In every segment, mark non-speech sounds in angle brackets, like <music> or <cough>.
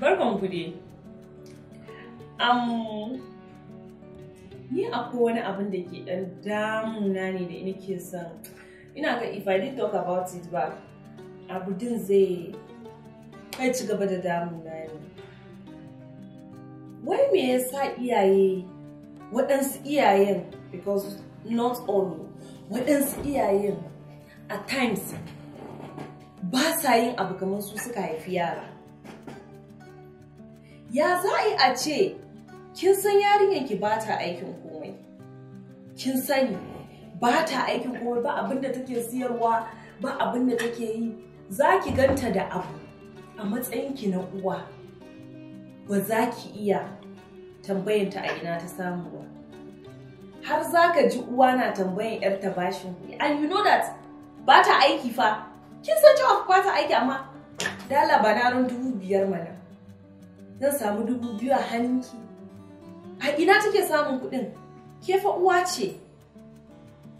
barkan ku dai ni akwai wani abin da ke dan damuna ne da nake son ina ga if i did talk about it ba abu din zai kai ci gaba da damuna ne wai me yasa iyaye waɗansu iyayen because not all waɗansu iyayen at times ba sa yin abu kamar su suka haifi yara ya za a yi a ce kin san yarinyar ki ba ta aikin komai kin sani ba ta aikin komai ba abin da take siyarwa ba abin da take yi za ki ganta da abu a matsayin ki na uwa ba za ki iya tambayanta a ina ta samu ba har za ka ji uwa na tambayan yar ta bashin kuɗi and you know that ba ta aiki fa kin san cewa ba ta aiki amma dala banarin dubu biyar mana zan samu dubu biyu a hannunki a ina take samun kuɗin ke fa uwa ce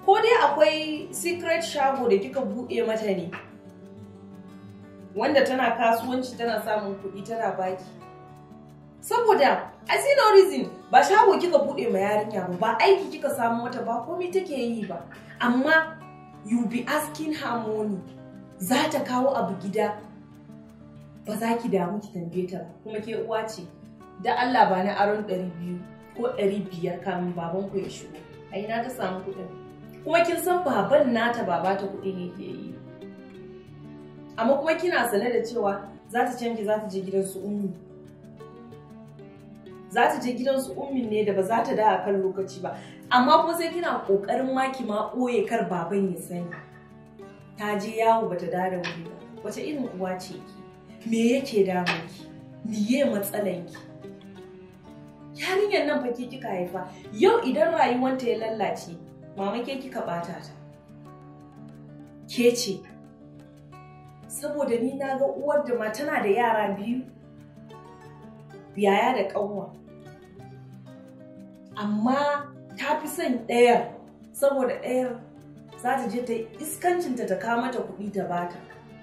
ko dai akwai secret shago da kika buɗe mata ne wanda tana kasuwanci tana samun kuɗi tana baki saboda a no reason ba shago kika buɗe ma yarinya ba ba aiki kika samu mata ba komai take yi ba amma you be asking her money za ta kawo abu gida ba za ki damu ki tambaye ta kuma ke uwa ce da Allah ba na aron ɗari biyu ko ɗari biyar kamin baban ku ya shigo a ina ta samu kuɗin kuma kin san baban nata baba ta kuɗin yake yi amma kuma kina sane da cewa za ta canji za ta je gidan su ummi za ta je gidan su ummin ne da ba za ta da kan lokaci ba amma kuma sai kina kokarin maki ma ɓoye kar baban ya sani ta je yawo bata da wuri ba wace irin uwa ce ki me yake damunki miye matsalanki yarinyar nan fa ke kika haifa yau idan rayuwanta ya lallace mama ke kika bata ta ke ce saboda ni na ga uwar da ma tana da yara biyu yaya da ƙanwa amma ta fi son ɗayar saboda ɗayar za ta je ta iskancinta ta kama ta kuɗi ta bata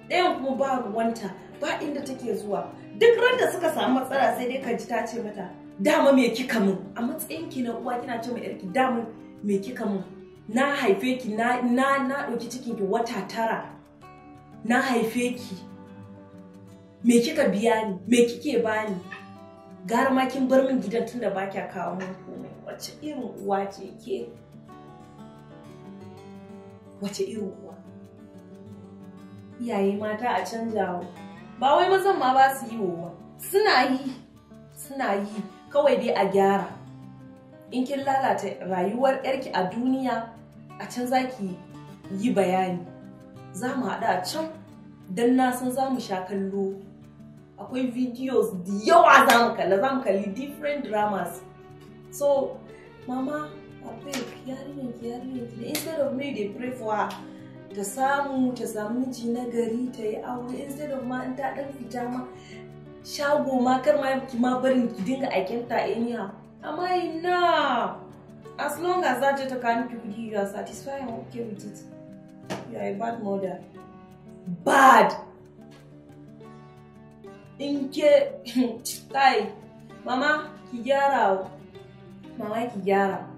ɗayan kuma ba ruwanta ba inda take zuwa duk ran da suka samu matsala sai dai kanji ta ce mata dama me kika mun a matsayin ki na uwa kina ce ma yarki dama me kika mun na haife ki na na ɗauki cikin ki wata tara na haife ki me kika biya ni me kike bani gara ma kin bar min gidan tunda ba kya kawo min komai Wace irin uwa ce ke wace irin uwa iyaye mata a canjawa ba wai mazan ma ba su yi ba suna yi suna yi kawai dai a gyara in kin lalata rayuwar yarki a duniya a can za ki yi bayani za mu haɗu a can don na san za mu sha kallo akwai videos da yawa za mu kalla za mu kalli different dramas so mama I beg, yarinya, Instead of me, they pray for her. ta samu ta samu miji na gari ta yi aure instead of ma in ta dan fita ma shago ma kar ma ki ma barin ki dinga aikin ta anyhow amma ina as long as that ta kani ki kudi you are satisfied and okay with it you are a bad mother bad in ke <clears throat> kai mama ki gyara mama ki gyara